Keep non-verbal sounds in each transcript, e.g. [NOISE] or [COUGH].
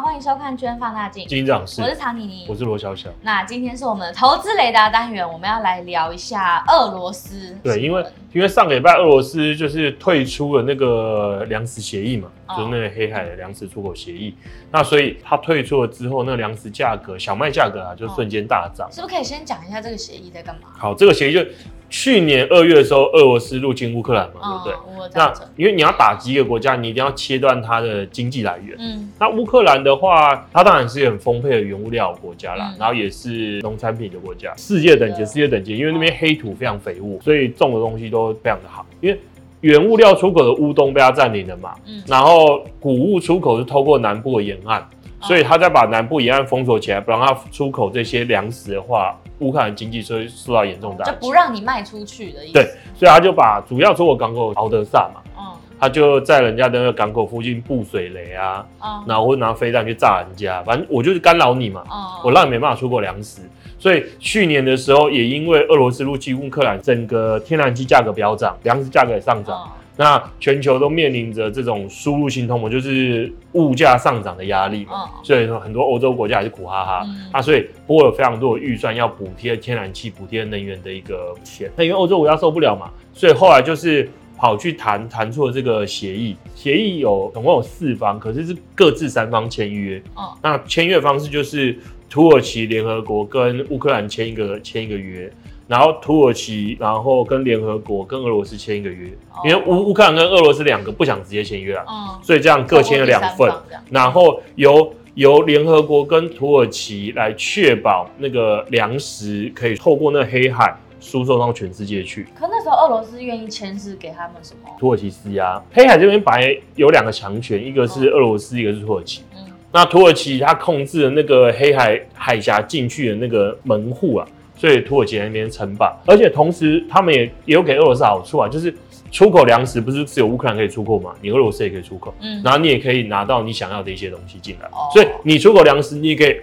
歡迎收看《Fund 大鏡》，金老師，我是唐妮妮，我是羅小小。那今天是我們的投資雷達單元，我們要來聊一下俄羅斯。對，因為因為上個禮拜俄羅斯就是退出了那個糧食協議嘛，哦、就是那個黑海的糧食出口協議。哦、那所以他退出了之後，那糧食價格、小麥價格啊，就瞬間大漲、哦。是不是可以先講一下這個協議在幹嘛？好，這個協議就。去年二月的時候，俄羅斯入侵烏克蘭嘛，哦、對不對？那因為你要打擊一個國家，你一定要切斷它的經濟來源。嗯，那烏克蘭的話，它當然是一個很豐沛的原物料國家啦，嗯、然後也是農產品的國家，世界等級，世界等級。因為那邊黑土非常肥沃，所以種的東西都非常的好。因為原物料出口的烏東被它佔領了嘛，嗯、然後谷物出口是透過南部的沿岸。所以他再把南部沿岸封鎖起來，不讓它出口這些糧食的話，烏克蘭經濟就會受到嚴重打擊。就不讓你賣出去的意思。對，所以他就把主要出口港口敖德薩嘛，嗯，他就在人家那個港口附近布水雷啊，嗯、然後拿飛彈去炸人家，反正我就是干擾你嘛，嗯、我讓你沒辦法出口糧食。所以去年的時候，也因為俄羅斯入侵烏克蘭，整個天然氣價格飆漲，糧食價格也上漲。嗯那全球都面臨着這種輸入性通膨，就是物價上漲的壓力嘛。哦、所以說很多歐洲國家也是苦哈哈、嗯、那所以撥了非常多的預算要補貼天然氣、補貼能源的一個錢。那因為歐洲國家受不了嘛，所以後來就是跑去談談出了這個協議。協議有總共有四方，可是是各自三方簽約。哦、那簽約的方式就是土耳其、聯合國跟烏克蘭簽一個簽一個約。然後土耳其，然後跟聯合國跟俄羅斯簽一個約，哦、因為烏烏克蘭跟俄羅斯兩個不想直接簽約啊，嗯、所以這樣各簽了兩份，然後由由聯合國跟土耳其來確保那個糧食可以透過那個黑海輸送到全世界去。可那時候俄羅斯願意簽是給他們什麼？土耳其施壓，黑海這邊本來有兩個強權，一個是俄羅斯，哦、一個是土耳其。嗯，那土耳其它控制了那個黑海海峽進去的那個門戶啊。所以土耳其那邊稱霸，而且同時他們也也有給俄羅斯好處啊，就是出口糧食不是只有烏克蘭可以出口嘛，你俄羅斯也可以出口，嗯，然後你也可以拿到你想要的一些東西進來。哦，所以你出口糧食，你可以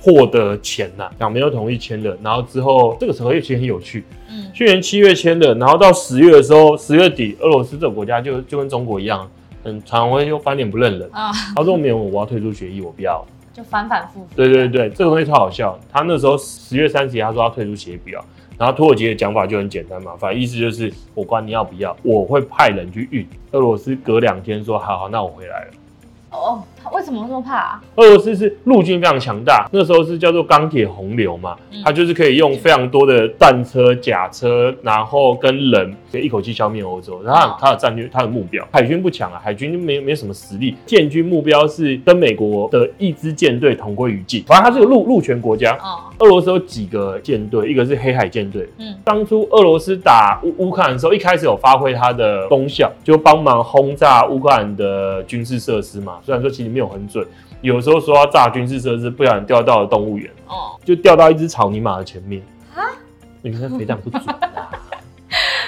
獲得錢吶、啊。兩邊都同意簽了，然後之後這個時候也其實很有趣。嗯，去年七月簽的，然後到十月的時候，十月底俄羅斯這個國家就就跟中國一樣，很突然又翻臉不認人啊。哦、他說沒有，我要退出協議，我不要。就反反复复，對對對，這個東西超好笑。他那時候十月三十日，他說要退出協表。然後土耳其的講法就很簡單嘛，反正意思就是我管你要不要，我會派人去運。俄羅斯隔兩天說，好好，那我回來了。哦。Oh. 為什麼那麼怕啊？俄羅斯是陸軍非常強大，那時候是叫做鋼鐵洪流嘛，他就是可以用非常多的戰車、甲車，然後跟人可以一口氣消滅歐洲。然後他的戰略、哦、他的目標，海軍不強啊，海軍沒沒什麼實力。建軍目標是跟美國的一支艦隊同歸於盡。反正他是個陸陸權國家。哦俄羅斯有幾個艦隊，一個是黑海艦隊。嗯，當初俄羅斯打烏烏克蘭的時候，一開始有發揮它的功效，就幫忙轟炸烏克蘭的軍事設施嘛。雖然說其實沒有很準，有時候說要炸軍事設施，不小心掉到了動物園，哦，就掉到一隻草泥馬的前面蛤啊，你看非常不準。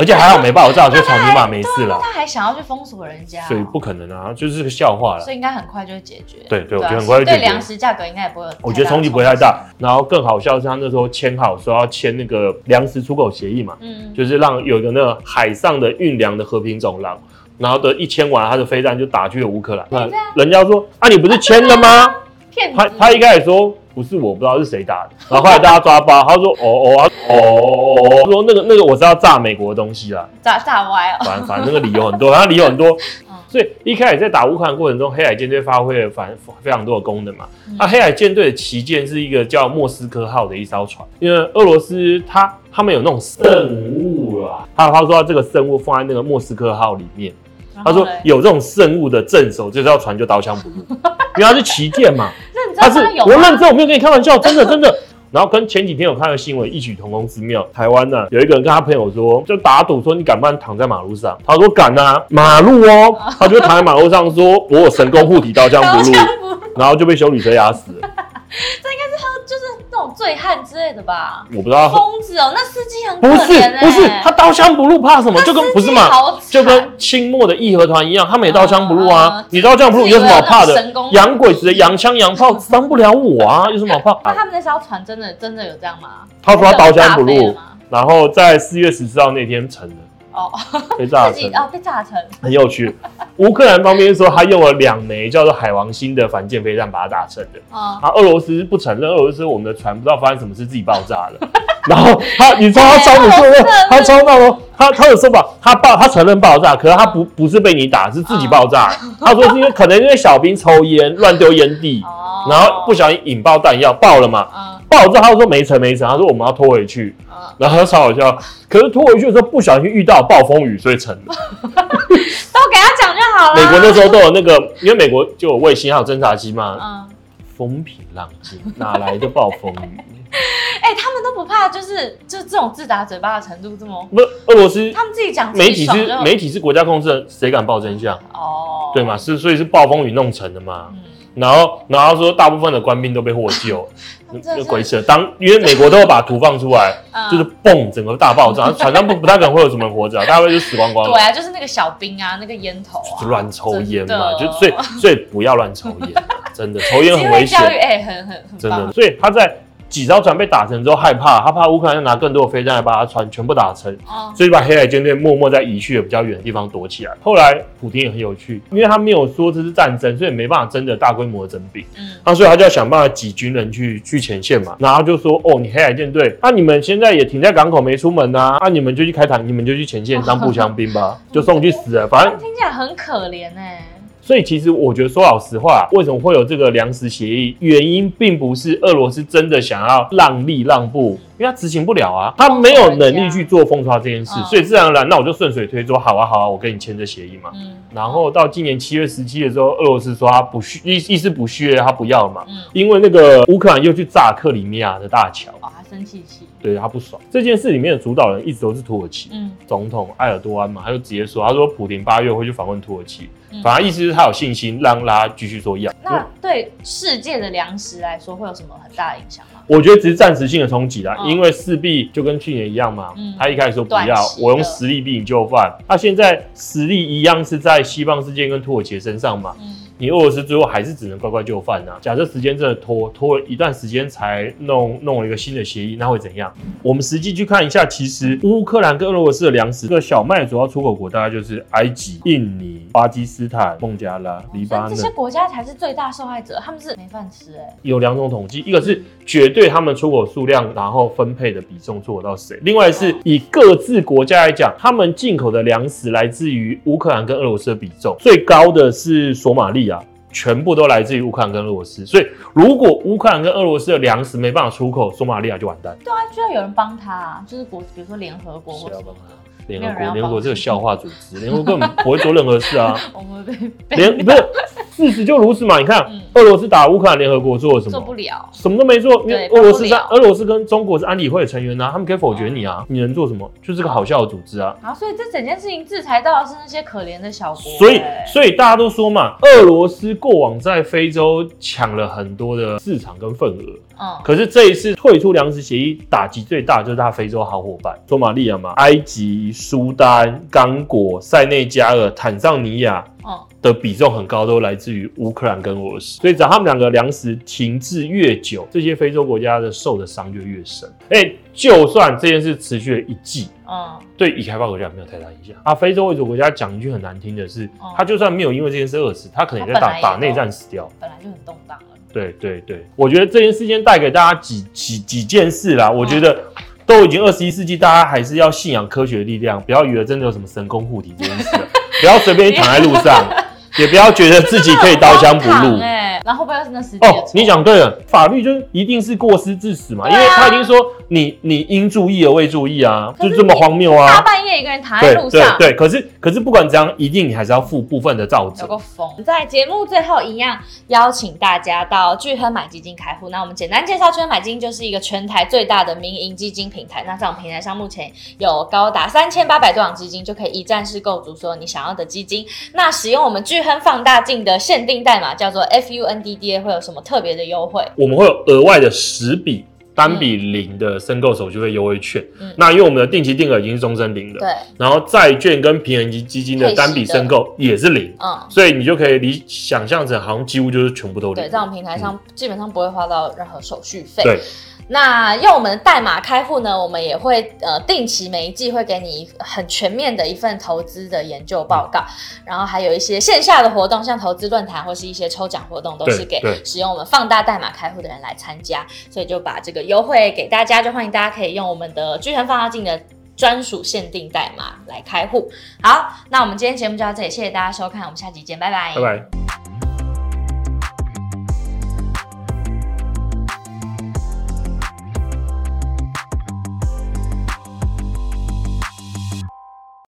而且還好沒爆炸，所以草泥馬沒事了。他還想要去封鎖人家，哦，所以不可能啊，就是個笑話了。所以應該很快就會解決對。對對，啊，我覺得很快就會解決。對糧食價格應該也不會，我覺得衝擊不會太大。然後更好笑的是，他那時候簽好說要簽那個糧食出口協議嘛，嗯，就是讓有一個那個海上的運糧的和平走廊，然後這一簽完，他的飛彈就打去了烏克蘭。那人家說啊，你不是簽了嗎？騙子，啊啊，他他一開始說。不是我不知道是誰打的，然後後來大家抓包，他說哦哦哦哦，哦,哦,哦說那個那個我知道炸美國的東西啦，炸炸歪了、哦，反正反正那個理由很多，然後理由很多，嗯、所以一開始在打烏克蘭過程中，黑海艦隊發揮了反正非常多的功能嘛。那、嗯啊、黑海艦隊的旗艦是一個叫莫斯科號的一艘船，因為俄羅斯他他們有那種聖物啊。他、嗯、他說他這個聖物放在那個莫斯科號裡面，他說有這種聖物的鎮守，這、就、艘、是、船就刀槍不入， [LAUGHS] 因為它是旗艦嘛。他是，但他我認真，我沒有跟你開玩笑，真的真的。 [LAUGHS] 然後跟前幾天有看的新聞異曲同工之妙，台灣呢、啊、有一個人跟他朋友說，就打賭說你敢不敢躺在馬路上？他說敢啊，馬路哦，啊、他就躺在馬路上說， [LAUGHS] 我有神功護體，刀槍不入，然後就被休旅車壓死了。 [LAUGHS] 醉漢之類的吧，我不知道。瘋子哦、喔，那司機很可憐、欸、不是，不是，他刀槍不入，怕什麼？ [LAUGHS] 就跟不是嘛，就跟清末的義和團一樣，他們也刀槍不入啊。嗯、你刀槍不入有什麼好怕的？的洋鬼子的洋槍洋炮，傷不了我啊，有什麼好怕？欸、那他們那艘船真的真的有這樣嗎？他說他刀槍不入，然後在四月十四號那天沉了。哦，被炸成啊！被炸成，很有趣。烏 [LAUGHS] 克蘭方面說，他用了兩枚叫做“海王星”的反艦飛彈把它打沉的。啊、嗯，俄羅斯不承認，俄羅斯我們的船不知道發生什麼事自己爆炸了。嗯、然後他，對你說他裝不？的他裝到哦，他，他有說法，他爆，他承認爆炸，可是他不不是被你打，是自己爆炸。嗯、他說是因為可能因為小兵抽煙亂丟煙蒂，嗯、然後不小心引爆彈藥，爆了嘛？嗯爆之後，他又說沒沉沒沉，他說我們要拖回去，嗯、然後超好笑。可是拖回去的時候不小心遇到暴風雨，所以沉了。都給他講就好了。美國那時候都有那個，因為美國就有衛星還有偵察機嘛。嗯。風平浪靜，哪來的暴風雨？哎 [LAUGHS] 欸，他們都不怕，就是就這種自打嘴巴的程度這麼。不，俄羅斯他們自己講媒體是媒體是國家控制的，誰敢報真相？嗯、哦。對嘛？是所以是暴風雨弄沉的嘛？嗯然後，然後說大部分的官兵都被獲救，啊、那這鬼扯，當因為美國都會把圖放出來，啊、就是嘣，整個大爆炸，船上不不大可能會有什麼活着，大概就死光光。對啊，就是那個小兵啊，那個煙頭，啊，就亂抽煙嘛，的就所以，所以不要亂抽煙，真的抽煙很危險，哎、欸，很很很真的。所以他在。幾艘船被打沉之後，害怕他怕烏克蘭要拿更多的飛彈來把他船全部打沉，哦、所以把黑海艦隊默默在移去的比較遠的地方躲起來。後來普丁也很有趣，因為他沒有說這是戰爭，所以沒辦法真的大規模的徵兵，他、嗯啊、所以他就要想辦法擠軍人去去前線嘛。然後就說哦，你黑海艦隊，那、啊、你們現在也停在港口沒出門啊，那、啊、你們就去開坦，你們就去前線當步槍兵吧，就送去死了、嗯、反正聽起來很可憐，哎、欸。所以其實我覺得說老實話，為什麼會有這個糧食協議？原因並不是俄羅斯真的想要讓利讓步，因為他執行不了啊，他沒有能力去做封殺這件事，哦、所以自然而然，那我就順水推舟，好啊好啊，我跟你簽這協議嘛。嗯、然後到今年七月十七的時候，俄羅斯說他不續意，意思不續約，他不要嘛，嗯、因為那個烏克蘭又去炸克里米亞的大橋。生氣氣，對他不爽。這件事裡面的主導人一直都是土耳其，嗯，總統埃爾多安嘛，他就直接說，他說普丁八月會去訪問土耳其，嗯、反正意思是他有信心讓拉繼續說要。那對世界的糧食來說會有什麼很大的影響嗎、嗯？我覺得只是暫時性的衝擊啦，哦、因為勢必就跟去年一樣嘛，嗯、他一開始說不要，我用實力逼你就範。那現在實力一樣是在西方世界跟土耳其身上嘛。嗯你俄羅斯最後還是只能乖乖就範吶、啊。假設時間真的拖拖了一段時間才弄弄了一個新的協議，那會怎樣？我們實際去看一下，其實烏克蘭跟俄羅斯的糧食，這個小麥主要出口國大概就是埃及、印尼、巴基斯坦、孟加拉、黎巴嫩，哦、這些國家才是最大受害者，他們是沒飯吃哎、欸。有兩種統計，一個是絕對他們出口數量，然後分配的比重出口到誰；另外是以各自國家來講，他們進口的糧食來自於烏克蘭跟俄羅斯的比重最高的是索馬利亞。全部都來自於烏克蘭跟俄羅斯，所以如果烏克蘭跟俄羅斯的糧食沒辦法出口，索馬利亞就完蛋。對啊，就要有人幫他啊，就是國，比如說聯合國。誰要幫他？聯合國，聯合國這個笑話組織，聯合國根本不會做任何事啊。我們被聯不是？ [LAUGHS] 事實就如此嘛？你看，嗯、俄羅斯打烏克蘭，聯合國做了什麼？做不了，什麼都沒做。因為俄羅斯在俄羅斯跟中國是安理會的成員啊，他們可以否決你啊！嗯、你能做什麼？就是個好笑的組織啊！啊，所以這整件事情制裁到的是那些可憐的小國，欸。所以，所以大家都說嘛，俄羅斯過往在非洲搶了很多的市場跟份額。嗯，可是這一次退出糧食協議，打擊最大就是他非洲好夥伴，索馬利亞，嘛、埃及、蘇丹、剛果、塞內加爾、坦桑尼亞。嗯、的比重很高，都來自於烏克蘭跟俄羅斯，所以只要他們兩個糧食停滯越久，這些非洲國家的受的傷就越深。哎、欸，就算這件事持續了一季，嗯，對已開發國家沒有太大影響。啊，非洲為主國家講一句很難聽的是，他、嗯、就算沒有因為這件事餓死，他可能也在打打內戰死掉，本來就很動盪了。對對對，我覺得這件事情帶給大家幾幾幾件事啦，嗯、我覺得都已經二十一世紀，大家還是要信仰科學的力量，不要以為真的有什麼神功護體這件事、啊。 [LAUGHS] 不要隨便躺在路上。 [LAUGHS] 也不要覺得自己可以刀槍不入哎，然後不要是那時間哦，你講對了，法律就一定是過失致死嘛，因為他已經說你你應注意而未注意啊，就這麼荒謬啊！大半夜一個人躺在路上，對對，可是可是不管怎樣，一定你還是要付部分的造責。有個風在節目最後一樣邀請大家到鉅亨買基金開戶，那我們簡單介紹，鉅亨買基金就是一個全台最大的民營基金平台。那在我們平台上目前有高達三千八百多檔基金，就可以一站式購足所有你想要的基金。那使用我們鉅。Fund 大鏡的限定代碼叫做 FUNDDA，會有什麼特別的優惠？我們會有額外的十筆單筆零的申購手續費優惠券。嗯、那因為我們的定期定額已經是終身零了，對。然後債券跟平衡基金的單筆申購也是零，嗯，所以你就可以你想像成好像幾乎就是全部都零。對，在我們平台上基本上不會花到任何手續費。嗯。對。那用我們的代碼開戶呢，我們也會呃定期每一季會給你很全面的一份投資的研究報告，嗯、然後還有一些線下的活動，像投資論壇或是一些抽獎活動，都是給使用我們放大代碼開戶的人來參加，所以就把這個優惠給大家，就歡迎大家可以用我們的鉅亨放大鏡的專屬限定代碼來開戶。好，那我們今天節目就到這裡，謝謝大家收看，我們下期見，拜拜。拜拜